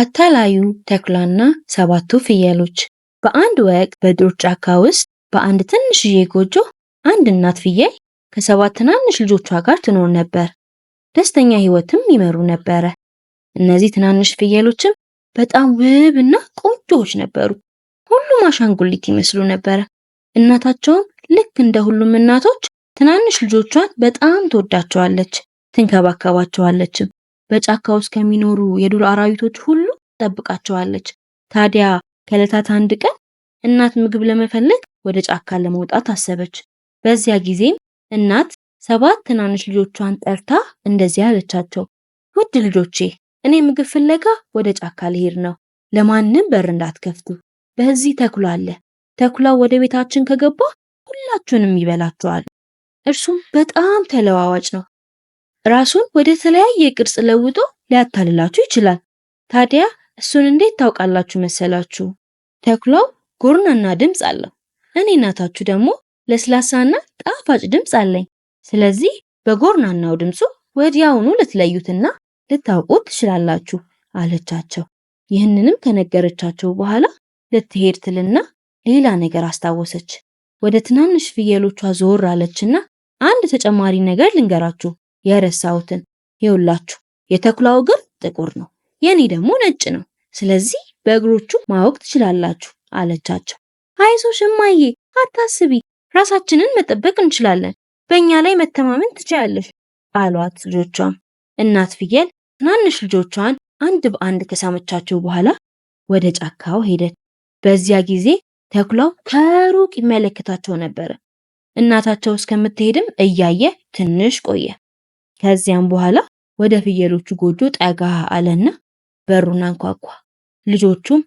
አታላዩ ተኩላና ሰባቱ ፍየሎች በአንድ ወቅት በዱር ጫካ ውስጥ በአንድ ትንሽዬ ጎጆ አንድ እናት ፍየል ከሰባት ትናንሽ ልጆቿ ጋር ትኖር ነበር። ደስተኛ ሕይወትም ይመሩ ነበረ። እነዚህ ትናንሽ ፍየሎችም በጣም ውብ እና ቆንጆዎች ነበሩ። ሁሉም አሻንጉሊት ይመስሉ ነበረ። እናታቸውም ልክ እንደ ሁሉም እናቶች ትናንሽ ልጆቿን በጣም ትወዳቸዋለች፣ ትንከባከባቸዋለችም። በጫካ ውስጥ ከሚኖሩ የዱር አራዊቶች ሁሉ ጠብቃቸዋለች። ታዲያ ከዕለታት አንድ ቀን እናት ምግብ ለመፈለግ ወደ ጫካ ለመውጣት አሰበች። በዚያ ጊዜም እናት ሰባት ትናንሽ ልጆቿን ጠርታ እንደዚህ አለቻቸው። ውድ ልጆቼ፣ እኔ ምግብ ፍለጋ ወደ ጫካ ልሄድ ነው። ለማንም በር እንዳትከፍቱ። በዚህ ተኩላ አለ። ተኩላው ወደ ቤታችን ከገባ ሁላችሁንም ይበላችኋል። እርሱም በጣም ተለዋዋጭ ነው። ራሱን ወደ ተለያየ ቅርጽ ለውጦ ሊያታልላችሁ ይችላል። ታዲያ እሱን እንዴት ታውቃላችሁ መሰላችሁ? ተኩላው ጎርናና ድምፅ አለው። እኔ እናታችሁ ደግሞ ለስላሳና ጣፋጭ ድምፅ አለኝ። ስለዚህ በጎርናናው ድምፁ ወዲያውኑ ልትለዩትና ልታውቁት ትችላላችሁ አለቻቸው። ይህንንም ከነገረቻቸው በኋላ ልትሄድ ትልና ሌላ ነገር አስታወሰች። ወደ ትናንሽ ፍየሎቿ ዞር አለችና አንድ ተጨማሪ ነገር ልንገራችሁ የረሳሁትን ይውላችሁ የተኩላው እግር ጥቁር ነው፣ የኔ ደግሞ ነጭ ነው። ስለዚህ በእግሮቹ ማወቅ ትችላላችሁ አለቻቸው። አይዞሽ እማዬ አታስቢ፣ ራሳችንን መጠበቅ እንችላለን፣ በእኛ ላይ መተማመን ትችያለሽ አሏት ልጆቿም። እናት ፍየል ትናንሽ ልጆቿን አንድ በአንድ ከሳመቻቸው በኋላ ወደ ጫካው ሄደች። በዚያ ጊዜ ተኩላው ከሩቅ ይመለከታቸው ነበረ። እናታቸው እስከምትሄድም እያየ ትንሽ ቆየ። ከዚያም በኋላ ወደ ፍየሎቹ ጎጆ ጠጋ አለና በሩን አንኳኳ። ልጆቹም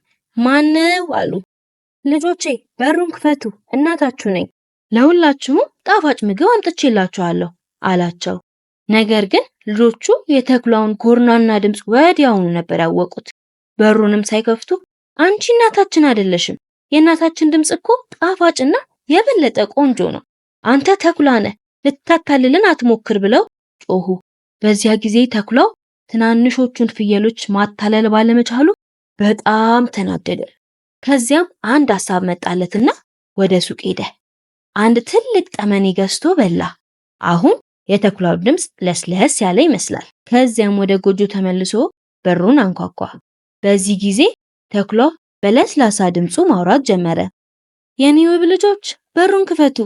ማነው አሉ። ልጆቼ በሩን ክፈቱ፣ እናታችሁ ነኝ፣ ለሁላችሁም ጣፋጭ ምግብ አምጥቼላችኋለሁ አላቸው። ነገር ግን ልጆቹ የተኩላውን ጎርናና ድምፅ ወዲያውኑ ነበር ያወቁት። በሩንም ሳይከፍቱ አንቺ እናታችን አይደለሽም፣ የእናታችን ድምፅ እኮ ጣፋጭና የበለጠ ቆንጆ ነው፣ አንተ ተኩላ ነህ፣ ልታታልልን አትሞክር ብለው ጮሁ። በዚያ ጊዜ ተኩላው ትናንሾቹን ፍየሎች ማታለል ባለመቻሉ በጣም ተናደደ። ከዚያም አንድ ሐሳብ መጣለትና ወደ ሱቅ ሄደ። አንድ ትልቅ ጠመኔ ገዝቶ በላ። አሁን የተኩላው ድምፅ ለስለስ ያለ ይመስላል። ከዚያም ወደ ጎጆ ተመልሶ በሩን አንኳኳ። በዚህ ጊዜ ተኩላው በለስላሳ ድምፁ ማውራት ጀመረ። የኔ ውብ ልጆች በሩን ክፈቱ፣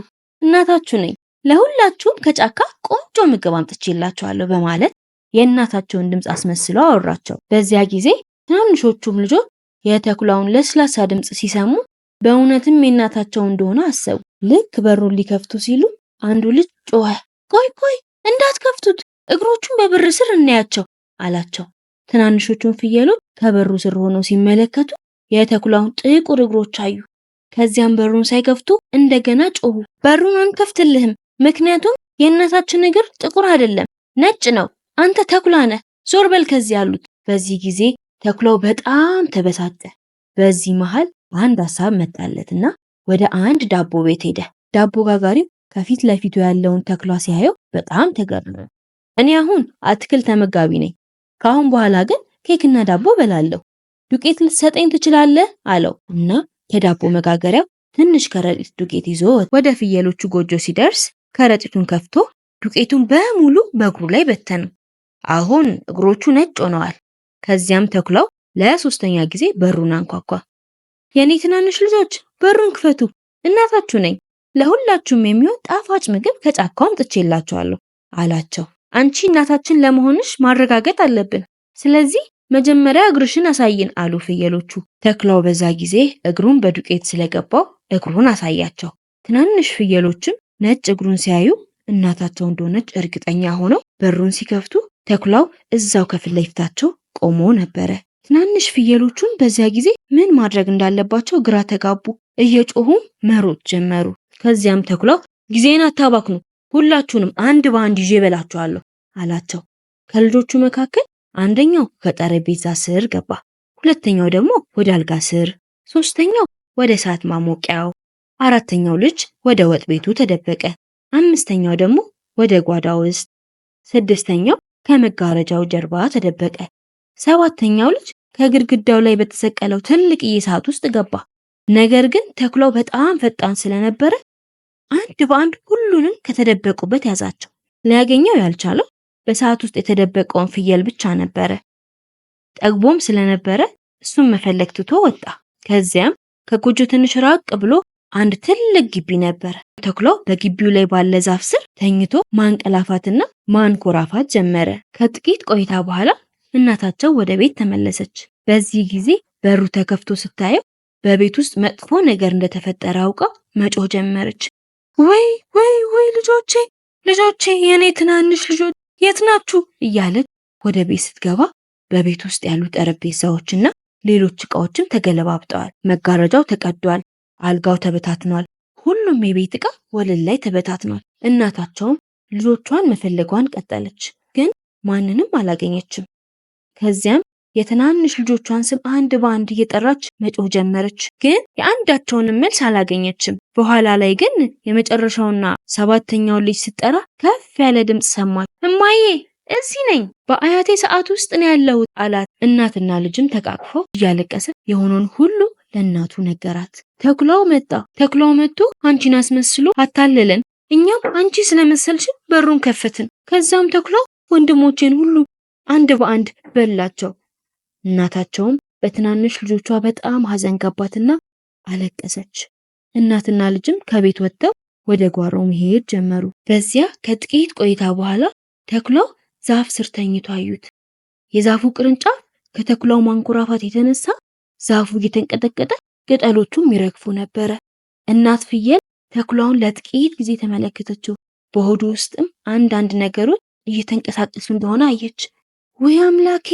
እናታችሁ ነኝ። ለሁላችሁም ከጫካ ቆንጆ ምግብ አምጥቼላችኋለሁ በማለት የእናታቸውን ድምፅ አስመስለው አወራቸው። በዚያ ጊዜ ትናንሾቹም ልጆች የተኩላውን ለስላሳ ድምፅ ሲሰሙ በእውነትም የእናታቸው እንደሆነ አሰቡ። ልክ በሩን ሊከፍቱ ሲሉ አንዱ ልጅ ጮኸ፣ ቆይ ቆይ እንዳትከፍቱት እግሮቹን በብር ስር እናያቸው አላቸው። ትናንሾቹን ፍየሎች ከበሩ ስር ሆነው ሲመለከቱ የተኩላውን ጥቁር እግሮች አዩ። ከዚያም በሩን ሳይከፍቱ እንደገና ጮሁ፣ በሩን አንከፍትልህም ምክንያቱም የእናታችን እግር ጥቁር አይደለም ነጭ ነው። አንተ ተኩላ ነህ፣ ዞር በል ከዚህ አሉት። በዚህ ጊዜ ተኩላው በጣም ተበሳጨ። በዚህ መሃል አንድ ሀሳብ መጣለትና ወደ አንድ ዳቦ ቤት ሄደ። ዳቦ ጋጋሪው ከፊት ለፊቱ ያለውን ተኩላ ሲያየው በጣም ተገረመ። እኔ አሁን አትክልት ተመጋቢ ነኝ፣ ከአሁን በኋላ ግን ኬክና ዳቦ በላለሁ። ዱቄት ልትሰጠኝ ትችላለህ አለው እና ከዳቦ መጋገሪያው ትንሽ ከረጢት ዱቄት ይዞ ወደ ፍየሎቹ ጎጆ ሲደርስ ከረጢቱን ከፍቶ ዱቄቱን በሙሉ በእግሩ ላይ በተነው። አሁን እግሮቹ ነጭ ሆነዋል። ከዚያም ተኩላው ለሶስተኛ ጊዜ በሩን አንኳኳ። የኔ ትናንሽ ልጆች በሩን ክፈቱ፣ እናታችሁ ነኝ። ለሁላችሁም የሚሆን ጣፋጭ ምግብ ከጫካውም ጥቼላችኋለሁ አላቸው። አንቺ እናታችን ለመሆንሽ ማረጋገጥ አለብን፣ ስለዚህ መጀመሪያ እግርሽን አሳይን አሉ ፍየሎቹ። ተኩላው በዛ ጊዜ እግሩን በዱቄት ስለገባው እግሩን አሳያቸው። ትናንሽ ፍየሎችም ነጭ እግሩን ሲያዩ እናታቸው እንደሆነች እርግጠኛ ሆነው በሩን ሲከፍቱ ተኩላው እዛው ከፊት ለፊታቸው ቆሞ ነበረ። ትናንሽ ፍየሎቹን በዚያ ጊዜ ምን ማድረግ እንዳለባቸው ግራ ተጋቡ። እየጮሁም መሮጥ ጀመሩ። ከዚያም ተኩላው ጊዜን አታባክኑ፣ ሁላችሁንም አንድ በአንድ ይዤ እበላችኋለሁ አላቸው። ከልጆቹ መካከል አንደኛው ከጠረጴዛ ስር ገባ፣ ሁለተኛው ደግሞ ወደ አልጋ ስር፣ ሶስተኛው ወደ እሳት ማሞቂያው አራተኛው ልጅ ወደ ወጥ ቤቱ ተደበቀ። አምስተኛው ደግሞ ወደ ጓዳ ውስጥ፣ ስድስተኛው ከመጋረጃው ጀርባ ተደበቀ። ሰባተኛው ልጅ ከግድግዳው ላይ በተሰቀለው ትልቅዬ ሰዓት ውስጥ ገባ። ነገር ግን ተኩላው በጣም ፈጣን ስለነበረ አንድ በአንድ ሁሉንም ከተደበቁበት ያዛቸው። ሊያገኘው ያልቻለው በሰዓት ውስጥ የተደበቀውን ፍየል ብቻ ነበረ። ጠግቦም ስለነበረ እሱን መፈለግ ትቶ ወጣ። ከዚያም ከጎጆ ትንሽ ራቅ ብሎ አንድ ትልቅ ግቢ ነበር። ተኩላው በግቢው ላይ ባለ ዛፍ ስር ተኝቶ ማንቀላፋትና ማንኮራፋት ጀመረ። ከጥቂት ቆይታ በኋላ እናታቸው ወደ ቤት ተመለሰች። በዚህ ጊዜ በሩ ተከፍቶ ስታየው በቤት ውስጥ መጥፎ ነገር እንደተፈጠረ አውቃ መጮህ ጀመረች። ወይ ወይ ወይ ልጆቼ ልጆቼ የኔ ትናንሽ ልጆች የት ናችሁ? እያለች ወደ ቤት ስትገባ በቤት ውስጥ ያሉ ጠረጴዛዎችና ሌሎች እቃዎችም ተገለባብጠዋል። መጋረጃው ተቀዷል። አልጋው ተበታትኗል። ሁሉም የቤት ዕቃ ወለል ላይ ተበታትኗል። እናታቸውም ልጆቿን መፈለጓን ቀጠለች፣ ግን ማንንም አላገኘችም። ከዚያም የትናንሽ ልጆቿን ስም አንድ በአንድ እየጠራች መጮህ ጀመረች፣ ግን የአንዳቸውንም መልስ አላገኘችም። በኋላ ላይ ግን የመጨረሻውና ሰባተኛውን ልጅ ስትጠራ ከፍ ያለ ድምፅ ሰማች። እማዬ እዚህ ነኝ፣ በአያቴ ሰዓት ውስጥ ነው ያለሁት አላት። እናትና ልጅም ተቃቅፈው እያለቀሰ የሆነውን ሁሉ ለእናቱ ነገራት። ተኩላው መጣ። ተኩላው መጥቶ አንቺን አስመስሎ አታለለን። እኛም አንቺ ስለመሰልሽን በሩን ከፈትን። ከዛም ተኩላው ወንድሞቼን ሁሉ አንድ በአንድ በላቸው። እናታቸውም በትናንሽ ልጆቿ በጣም ሀዘን ገባትና አለቀሰች። እናትና ልጅም ከቤት ወጥተው ወደ ጓሮ መሄድ ጀመሩ። በዚያ ከጥቂት ቆይታ በኋላ ተኩላው ዛፍ ስር ተኝቶ አዩት። የዛፉ ቅርንጫፍ ከተኩላው ማንኮራፋት የተነሳ ዛፉ እየተንቀጠቀጠ ቅጠሎቹም ይረግፉ ነበረ። እናት ፍየል ተኩላውን ለጥቂት ጊዜ ተመለከተችው። በሆዱ ውስጥም አንዳንድ ነገሮች እየተንቀሳቀሱ እንደሆነ አየች። ውይ አምላኬ፣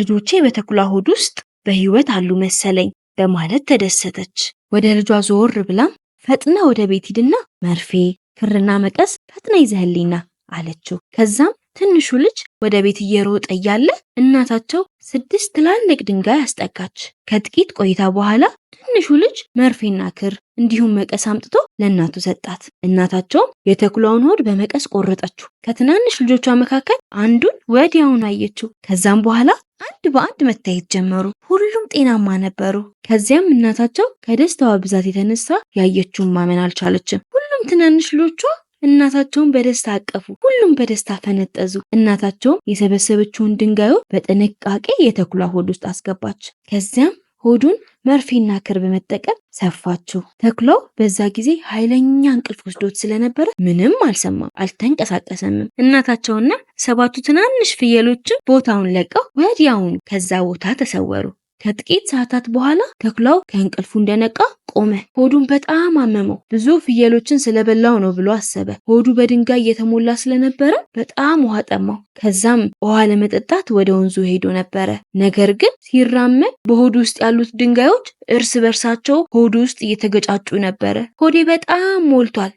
ልጆቼ በተኩላ ሆድ ውስጥ በህይወት አሉ መሰለኝ በማለት ተደሰተች። ወደ ልጇ ዞር ብላም ፈጥና ወደ ቤት ሂድና መርፌ፣ ክርና መቀስ ፈጥና ይዘህልኝና አለችው። ከዛም ትንሹ ልጅ ወደ ቤት እየሮጠ እያለ እናታቸው ስድስት ትላልቅ ድንጋይ አስጠጋች። ከጥቂት ቆይታ በኋላ ትንሹ ልጅ መርፌና ክር እንዲሁም መቀስ አምጥቶ ለእናቱ ሰጣት። እናታቸውም የተኩላውን ሆድ በመቀስ ቆረጠችው። ከትናንሽ ልጆቿ መካከል አንዱን ወዲያውኑ አየችው። ከዛም በኋላ አንድ በአንድ መታየት ጀመሩ። ሁሉም ጤናማ ነበሩ። ከዚያም እናታቸው ከደስታዋ ብዛት የተነሳ ያየችውን ማመን አልቻለችም። ሁሉም ትናንሽ ልጆቿ እናታቸውን በደስታ አቀፉ። ሁሉም በደስታ ፈነጠዙ። እናታቸውም የሰበሰበችውን ድንጋዩ በጥንቃቄ የተኩላ ሆድ ውስጥ አስገባች። ከዚያም ሆዱን መርፌና ክር በመጠቀም ሰፋችው። ተኩላው በዛ ጊዜ ኃይለኛ እንቅልፍ ወስዶት ስለነበረ ምንም አልሰማም፣ አልተንቀሳቀሰምም። እናታቸውና ሰባቱ ትናንሽ ፍየሎችም ቦታውን ለቀው ወዲያውኑ ከዛ ቦታ ተሰወሩ። ከጥቂት ሰዓታት በኋላ ተኩላው ከእንቅልፉ እንደነቃ ቆመ። ሆዱን በጣም አመመው። ብዙ ፍየሎችን ስለበላው ነው ብሎ አሰበ። ሆዱ በድንጋይ እየተሞላ ስለነበረ በጣም ውሃ ጠማው። ከዛም ውሃ ለመጠጣት ወደ ወንዙ ሄዶ ነበረ። ነገር ግን ሲራመድ በሆዱ ውስጥ ያሉት ድንጋዮች እርስ በርሳቸው ሆዱ ውስጥ እየተገጫጩ ነበረ። ሆዴ በጣም ሞልቷል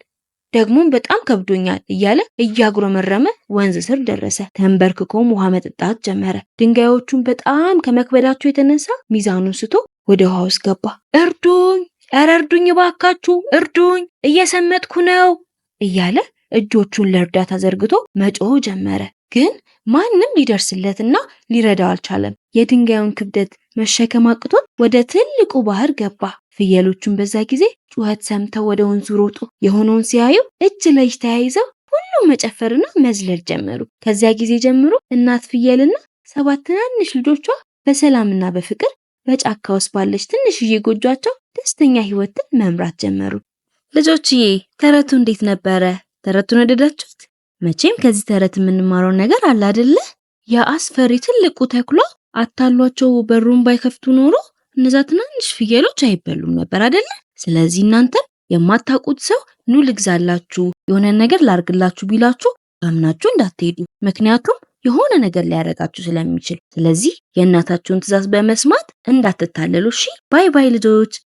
ደግሞም በጣም ከብዶኛል እያለ እያጉረመረመ ወንዝ ስር ደረሰ። ተንበርክኮም ውሃ መጠጣት ጀመረ። ድንጋዮቹን በጣም ከመክበዳቸው የተነሳ ሚዛኑን ስቶ ወደ ውሃ ውስጥ ገባ። እርዱኝ! ኧረ እርዱኝ! እባካችሁ እርዱኝ! እየሰመጥኩ ነው እያለ እጆቹን ለእርዳታ ዘርግቶ መጮህ ጀመረ። ግን ማንም ሊደርስለትና ሊረዳው አልቻለም። የድንጋዩን ክብደት መሸከም አቅቶት ወደ ትልቁ ባህር ገባ። ፍየሎቹን በዛ ጊዜ ጩኸት ሰምተው ወደ ወንዙ ሮጡ። የሆነውን ሲያዩ እጅ ለእጅ ተያይዘው ሁሉም መጨፈርና መዝለል ጀመሩ። ከዚያ ጊዜ ጀምሮ እናት ፍየልና ሰባት ትናንሽ ልጆቿ በሰላምና በፍቅር በጫካ ውስጥ ባለች ትንሽዬ ጎጇቸው ደስተኛ ህይወትን መምራት ጀመሩ። ልጆችዬ ተረቱ እንዴት ነበረ? ተረቱን ወደዳችሁት? መቼም ከዚህ ተረት የምንማረው ነገር አለ አይደለ? አስፈሪ ትልቁ ተኩላ አታሏቸው በሩን ባይከፍቱ ኖሮ እነዛ ትናንሽ ፍየሎች አይበሉም ነበር አይደለ? ስለዚህ እናንተ የማታውቁት ሰው ኑ ልግዛላችሁ፣ የሆነ ነገር ላርግላችሁ ቢላችሁ አምናችሁ እንዳትሄዱ፣ ምክንያቱም የሆነ ነገር ሊያደርጋችሁ ስለሚችል። ስለዚህ የእናታችሁን ትዕዛዝ በመስማት እንዳትታለሉ። እሺ፣ ባይ ባይ ልጆች።